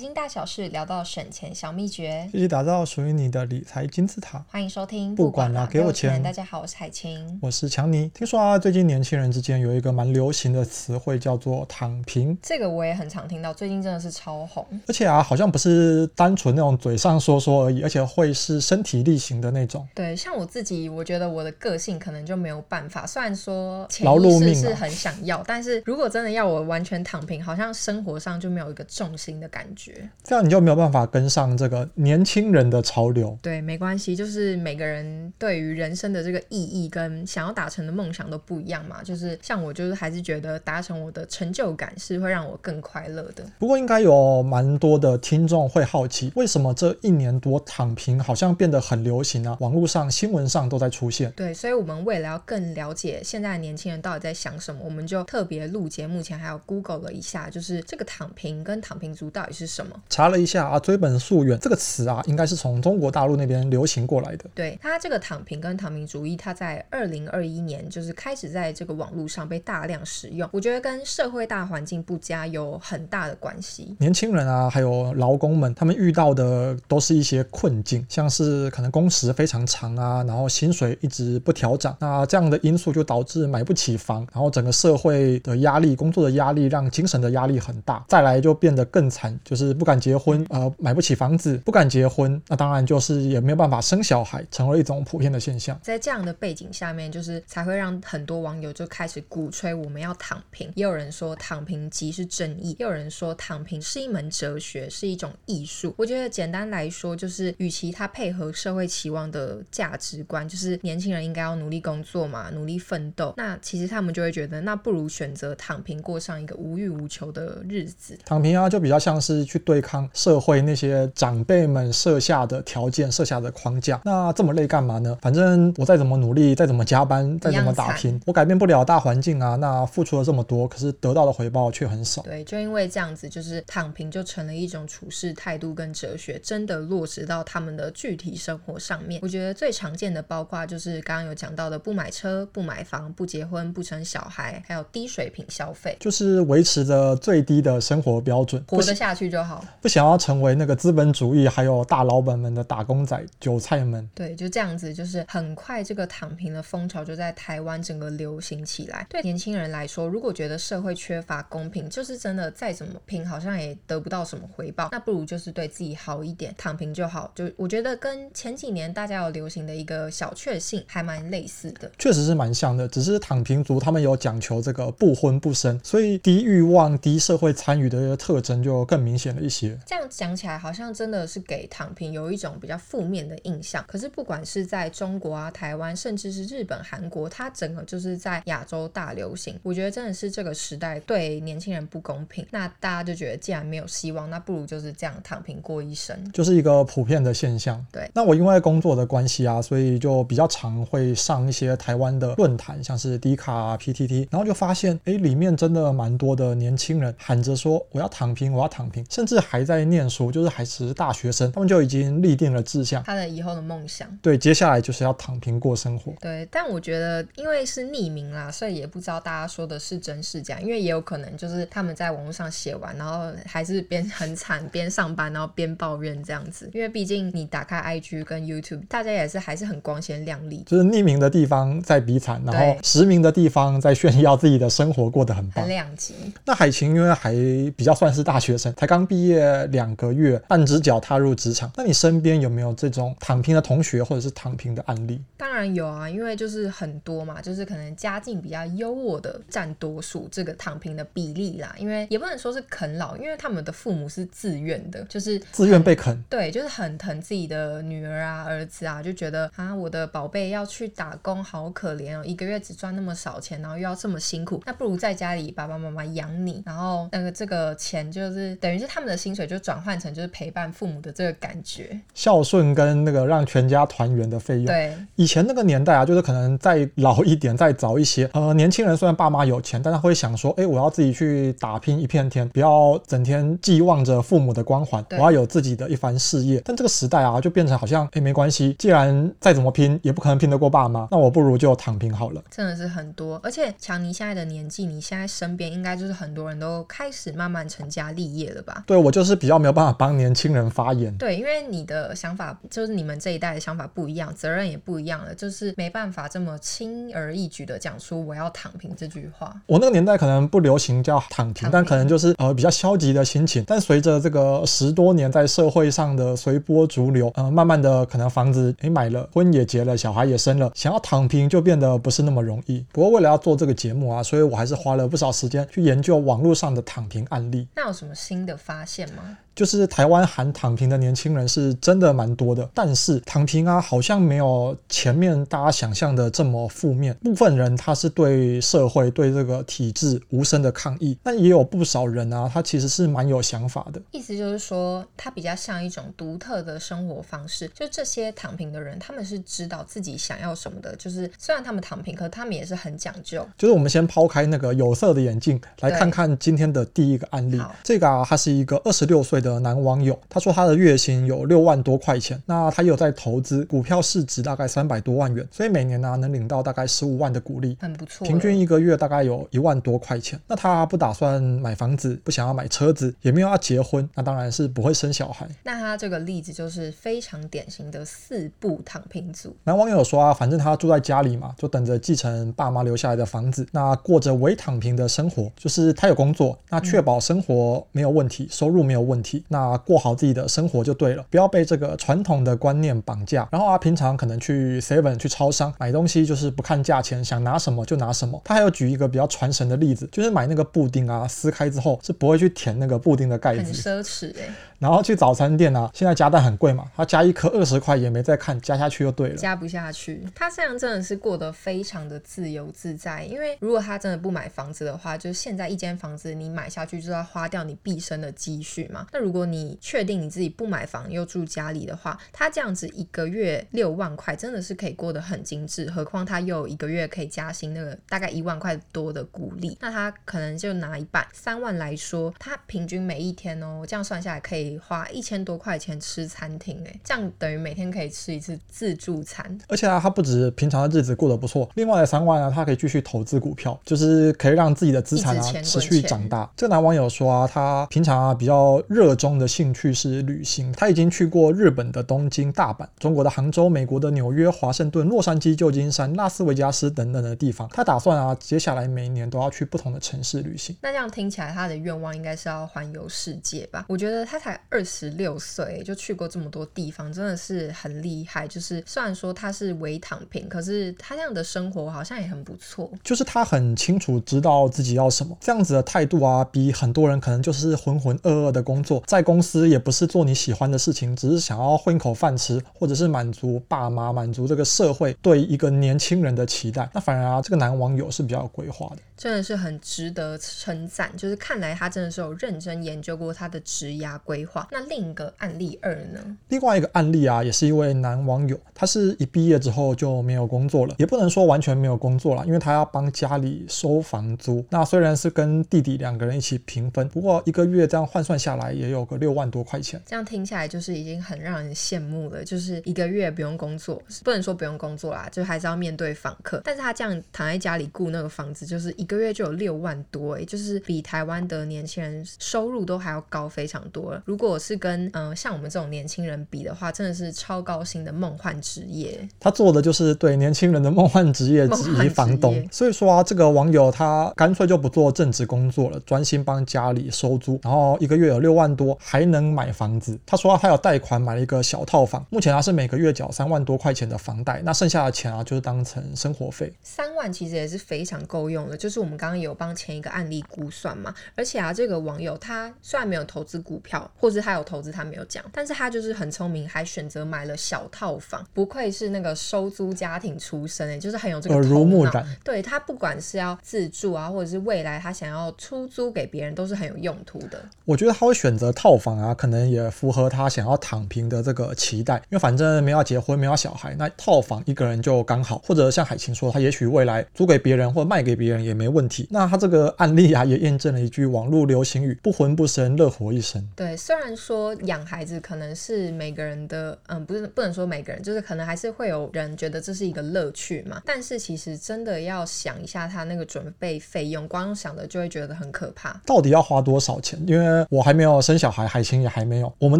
基金大小事聊到省錢小祕訣，一起打造屬於你的理財金字塔。歡迎收聽，不管了、啊，給我錢、錢。大家好，我是海晴，我是強尼。聽說啊，最近年輕人之間有一個蠻流行的詞彙，叫做“躺平”。這個我也很常聽到，最近真的是超紅。而且啊，好像不是單純那種嘴上說說而已，而且會是身體力行的那種。對，像我自己，我覺得我的個性可能就沒有辦法。雖然說錢是很想要，啊、但是如果真的要我完全躺平，好像生活上就沒有一個重心的感覺。這樣你就沒有辦法跟上這個年輕人的潮流。對，沒關係，就是每個人對於人生的這個意義跟想要達成的夢想都不一樣嘛。就是像我，就是還是覺得達成我的成就感是會讓我更快樂的。不過，應該有蠻多的聽眾會好奇，為什麼這一年多躺平好像變得很流行啊？網絡上、新聞上都在出現。對，所以我們為了要更了解現在的年輕人到底在想什麼，我們就特別錄節目前還有 Google 了一下，就是這個躺平跟躺平族到底是什麼。查了一下啊，“追本溯源”這個詞啊，應該是從中國大陸那邊流行過來的。對，它這個“躺平”跟“躺平主義”，它在二零二一年就是開始在這個網絡上被大量使用。我覺得跟社會大環境不佳有很大的關係。年輕人啊，還有勞工們，他們遇到的都是一些困境，像是可能工時非常長啊，然後薪水一直不調漲，那這樣的因素就導致買不起房，然後整個社會的壓力、工作的壓力，讓精神的壓力很大。再來就變得更慘，就是。不敢結婚，呃，買不起房子，不敢結婚，那當然就是也沒有辦法生小孩，成為一種普遍的現象。在這樣的背景下面，就是才會讓很多網友就開始鼓吹我們要躺平。也有人說躺平即是正義，也有人說躺平是一門哲學，是一種藝術。我覺得簡單來說，就是與其他配合社會期望的價值觀，就是年輕人應該要努力工作嘛，努力奮鬥。那其實他們就會覺得，那不如選擇躺平，過上一個無欲無求的日子。躺平啊，就比較像是去對抗社會那些長輩們設下的條件、設下的框架，那這麼累幹嘛呢？反正我再怎麼努力，再怎麼加班，再怎麼打拼，我改變不了大環境啊。那付出了這麼多，可是得到的回報卻很少。對，就因為這樣子，就是躺平就成了一種處事態度跟哲學，真的落實到他們的具體生活上面。我覺得最常見的包括就是剛剛有講到的：不買車、不買房、不結婚、不生小孩，還有低水平消費，就是維持着最低的生活標準，活得下去就。不想要成為那個資本主義還有大老板們的打工仔、韭菜們。對，就這樣子，就是很快這個躺平的風潮就在台灣整個流行起來。對年輕人來說，如果覺得社會缺乏公平，就是真的再怎麼拼，好像也得不到什麼回報，那不如就是對自己好一點，躺平就好。就我覺得跟前幾年大家有流行的一個小確幸還蠻類似的，確實是蠻像的。只是躺平族他們有講求這個不婚不生，所以低欲望、低社會參與的一個特徵就更明顯。一些這樣講起來，好像真的是給躺平有一種比較負面的印象。可是，不管是在中國啊、台灣，甚至是日本、韓國，它整個就是在亞洲大流行。我覺得真的是這個時代對年輕人不公平。那大家就覺得既然沒有希望，那不如就是這樣躺平過一生，就是一個普遍的現象。對。那我因為工作的關係啊，所以就比較常會上一些台灣的論壇，像是迪卡啊、P T T，然後就發現，誒、欸，裡面真的蠻多的年輕人喊着說：“我要躺平，我要躺平。”甚至還在念書，就是還是大學生，他們就已經立定了志向，他的以後的夢想。對，接下來就是要躺平過生活。對，但我覺得因為是匿名啦，所以也不知道大家說的是真是假，因為也有可能就是他們在網絡上寫完，然後還是邊很慘邊上班，然後邊抱怨這樣子。因為畢竟你打開 IG 跟 YouTube，大家也是還是很光鮮亮麗。就是匿名的地方在比慘，然後實名的地方在炫耀自己的生活過得很棒、很兩極。那海晴因為還比較算是大學生，才剛。畢業兩個月，半隻腳踏入職場，那你身邊有沒有這種躺平的同學，或者是躺平的案例？當然有啊，因為就是很多嘛，就是可能家境比較優渥的佔多數，這個躺平的比例啦。因為也不能說是啃老，因為他們的父母是自願的，就是自願被啃。對，就是很疼自己的女兒啊、兒子啊，就覺得啊，我的寶貝要去打工，好可憐哦，一個月只賺那麼少錢，然後又要這麼辛苦，那不如在家裡爸爸媽媽養你，然後那個這個錢就是等於是他們，他們的薪水就轉換成就是陪伴父母的這個感覺，孝順跟那個讓全家團圓的費用。對，以前那個年代啊，就是可能再老一點、再早一些，呃，年輕人雖然爸媽有錢，但他會想說，哎、欸，我要自己去打拼一片天，不要整天寄望着父母的光環。對，我要有自己的一番事業。但這個時代啊，就變成好像，哎、欸，沒關係，既然再怎麼拼也不可能拼得過爸媽，那我不如就躺平好了。真的是很多，而且強尼現在的年紀，你現在身邊應該就是很多人都開始慢慢成家立業了吧？對，我就是比較沒有辦法幫年輕人發言。對，因為你的想法就是你們這一代的想法不一樣，責任也不一樣了，就是沒辦法這麼輕而易舉的講出我要躺平這句話。我那個年代可能不流行叫躺平，躺平但可能就是呃比較消極的心情。但隨着這個十多年在社會上的隨波逐流，呃，慢慢的可能房子也買了，婚也結了，小孩也生了，想要躺平就變得不是那麼容易。不過為了要做這個節目啊，所以我還是花了不少時間去研究網絡上的躺平案例。那有什麼新的發言？發現嗎？就是台灣喊躺平的年輕人是真的蠻多的，但是躺平啊，好像沒有前面大家想象的這麼負面。部分人他是對社會、對這個體制無聲的抗議，但也有不少人啊，他其實是蠻有想法的。意思就是說，他比較像一種獨特的生活方式。就這些躺平的人，他們是知道自己想要什麼的。就是雖然他們躺平，可他們也是很講究。就是我們先拋開那個有色的眼鏡，來看看今天的第一個案例。這個啊，他是一個二十六歲的男網友他說，他的月薪有六萬多塊錢，那他有在投資股票，市值大概三百多萬元，所以每年呢、啊、能領到大概十五萬的股利。很不錯、欸，平均一個月大概有一萬多塊錢。那他不打算買房子，不想要買車子，也沒有要結婚，那當然是不會生小孩。那他這個例子就是非常典型的四不躺平族。男網友說啊，反正他住在家裡嘛，就等着繼承爸媽留下來的房子，那過着偽躺平的生活，就是他有工作，那確保生活沒有問題，嗯、收入沒有問題。那過好自己的生活就對了，不要被這個傳統的觀念綁架。然後啊，平常可能去 Seven 去超商買東西，就是不看價錢，想拿什麼就拿什麼。他還有舉一個比較傳神的例子，就是買那個布丁啊，撕開之後是不會去舔那個布丁的蓋子，很奢侈哎、欸。然後去早餐店啊，現在加蛋很貴嘛，他、啊、加一顆二十塊也沒在看，加下去就對了，加不下去。他這樣真的是過得非常的自由自在，因為如果他真的不買房子的話，就是現在一間房子你買下去就要花掉你畢生的積蓄嘛。如果你確定你自己不買房又住家裡的話，他這樣子一個月六萬塊真的是可以過得很精緻。何況他又一個月可以加薪那個大概一萬塊多的股利，那他可能就拿一半三萬來說，他平均每一天哦，這樣算下來可以花一千多塊錢吃餐廳，哎，這樣等於每天可以吃一次自助餐。而且啊，他不止平常的日子過得不錯，另外的三萬呢、啊，他可以繼續投資股票，就是可以讓自己的資產、啊、持續長大。前前這男網友說啊，他平常啊比較熱中的興趣是旅行，他已經去過日本的東京、大阪，中國的杭州、美國的紐約、華盛頓、洛杉磯、舊金山、拉斯維加斯等等的地方。他打算啊，接下來每一年都要去不同的城市旅行。那這樣聽起來，他的願望應該是要環遊世界吧？我覺得他才二十六歲就去過這麼多地方，真的是很厲害。就是雖然說他是微躺平，可是他這樣的生活好像也很不錯。就是他很清楚知道自己要什麼，這樣子的態度啊，比很多人可能就是渾渾噩噩的工作。在公司也不是做你喜歡的事情，只是想要混口飯吃，或者是滿足爸媽、滿足這個社會對一個年輕人的期待。那反而啊，這個男網友是比較有規劃的，真的是很值得稱讚。就是看來他真的是有認真研究過他的職涯規劃。那另一個案例二呢？另外一個案例啊，也是一位男網友，他是一畢業之後就沒有工作了，也不能說完全沒有工作啦，因為他要幫家裡收房租。那雖然是跟弟弟兩個人一起平分，不過一個月這樣換算下來也。有個六萬多塊錢，這樣聽起來就是已經很讓人羨慕了。就是一個月不用工作，不能說不用工作啦，就還是要面對房客。但是他這樣躺在家裡顧那個房子，就是一個月就有六萬多，欸，也就是比台灣的年輕人收入都還要高非常多了。如果是跟嗯、呃、像我們這種年輕人比的話，真的是超高薪的夢幻職業。他做的就是對年輕人的夢幻職業之一——房東。所以說啊，這個網友他乾脆就不做正職工作了，專心幫家裡收租，然後一個月有六萬多。多還能買房子，他說他有貸款買了一個小套房，目前他是每個月繳三萬多塊錢的房貸，那剩下的錢啊，就是當成生活費。三萬其實也是非常夠用的，就是我們剛剛有幫前一個案例估算嘛。而且啊，這個網友他雖然沒有投資股票，或是他有投資他沒有講，但是他就是很聰明，還選擇買了小套房，不愧是那個收租家庭出身哎、欸，就是很有這個頭腦。對，他不管是要自住啊，或者是未來他想要出租給別人，都是很有用途的。我覺得他會選擇。套房啊，可能也符合他想要躺平的這個期待，因為反正沒有結婚，沒有小孩，那套房一個人就剛好。或者像海晴說，他也許未來租給別人或賣給別人也沒問題。那他這個案例啊，也驗證了一句網絡流行語：不婚不生，樂活一生。對，雖然說養孩子可能是每個人的，嗯，不是不能說每個人，就是可能還是會有人覺得這是一個樂趣嘛。但是其實真的要想一下他那個準備費用，光想着就會覺得很可怕。到底要花多少錢？因為我還沒有。生小孩，海晴也還沒有。我們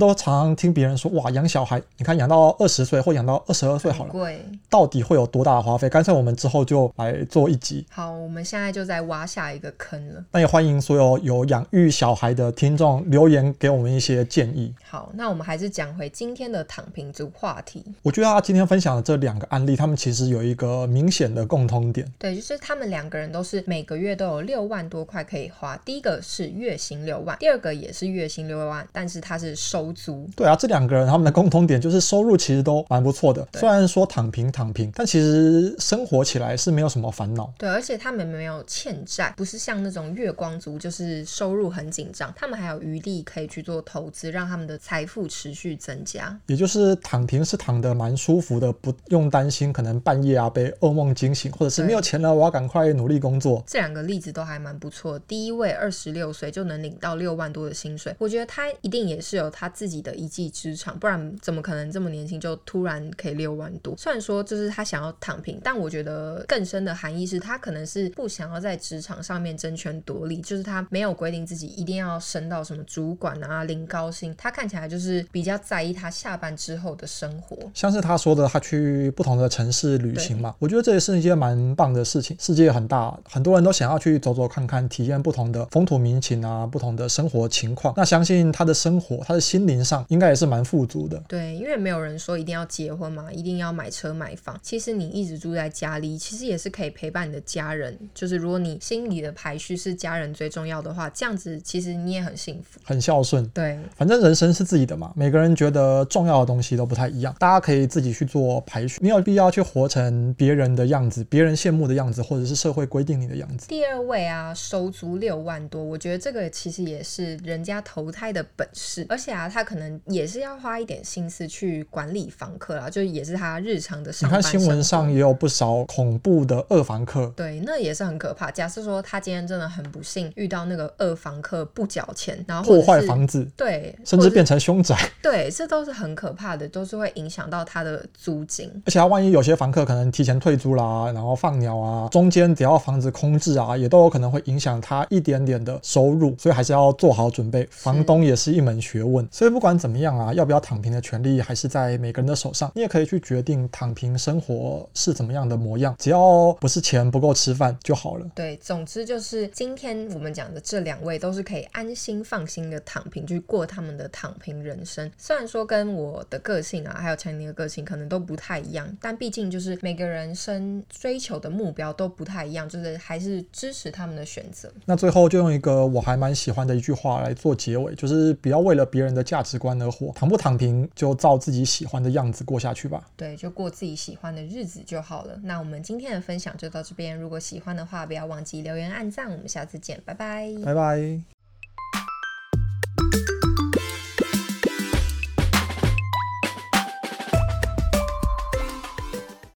都常常聽別人說，哇，養小孩，你看養到二十歲或養到二十二歲好了。對貴，到底會有多大的花費？乾脆我們之後就來做一集。好，我們現在就在挖下一個坑了。那也歡迎所有有養育小孩的聽眾留言給我們一些建議。好，那我們還是講回今天的躺平族話題。我覺得他、啊、今天分享的這兩個案例，他們其實有一個明顯的共通點，對，就是他們兩個人都是每個月都有六萬多塊可以花。第一個是月薪六萬，第二個也是月薪。六萬，但是他是收租。對啊，這兩個人他們的共同點就是收入其實都蠻不錯的，對雖然說躺平躺平，但其實生活起來是沒有什麼煩惱。對，而且他們沒有欠債，不是像那種月光族，就是收入很緊張。他們還有餘力可以去做投資，讓他們的財富持續增加。也就是躺平是躺得蠻舒服的，不用擔心可能半夜啊被噩夢驚醒，或者是沒有錢了，我要趕快努力工作。對這兩個例子都還蠻不錯的，第一位二十六歲就能領到六萬多的薪水，或我覺得他一定也是有他自己的一技之長，不然怎麼可能這麼年輕就突然可以六萬多？雖然說就是他想要躺平，但我覺得更深的含義是他可能是不想要在職場上面爭權奪利，就是他沒有規定自己一定要升到什麼主管啊、領高薪。他看起來就是比較在意他下班之後的生活，像是他說的，他去不同的城市旅行嘛，對我覺得這也是一件蠻棒的事情。世界很大，很多人都想要去走走看看，體驗不同的風土民情啊，不同的生活情況。那想。相信他的生活，他的心靈上應該也是蠻富足的。對，因為沒有人說一定要結婚嘛，一定要買車買房。其實你一直住在家裡，其實也是可以陪伴你的家人。就是如果你心裡的排序是家人最重要的話，這樣子其實你也很幸福，很孝順。對，反正人生是自己的嘛，每個人覺得重要的東西都不太一樣，大家可以自己去做排序。沒有必要去活成別人的樣子，別人羨慕的樣子，或者是社會規定你的樣子。第二位啊，收租六萬多，我覺得這個其實也是人家投。不太的本事，而且啊，他可能也是要花一點心思去管理房客啦，就也是他日常的事。你看新聞上也有不少恐怖的惡房客，對，那也是很可怕。假設說他今天真的很不幸，遇到那個惡房客不繳錢，然後破壞房子，對，或者甚至變成兇宅，對，這都是很可怕的，都是會影響到他的租金。而且他、啊、萬一有些房客可能提前退租啦，然後放鳥啊，中間只要房子空置啊，也都有可能會影響他一點點的收入，所以還是要做好準備房東也是一門學問，所以不管怎麼樣啊，要不要躺平的權利還是在每個人的手上，你也可以去決定躺平生活是怎麼樣的模樣，只要不是錢不夠吃飯就好了。對，總之就是今天我們講的這兩位都是可以安心放心的躺平，去過他們的躺平人生。雖然說跟我的個性啊，還有強尼的個性可能都不太一樣，但畢竟就是每個人生追求的目標都不太一樣，就是還是支持他們的選擇。那最後就用一個我還蠻喜歡的一句話來做結尾。就是不要為了別人的價值觀而活，躺不躺平就照自己喜歡的樣子過下去吧。對，就過自己喜歡的日子就好了。那我們今天的分享就到這邊，如果喜歡的話，不要忘記留言、按贊。我們下次見，拜拜，拜拜。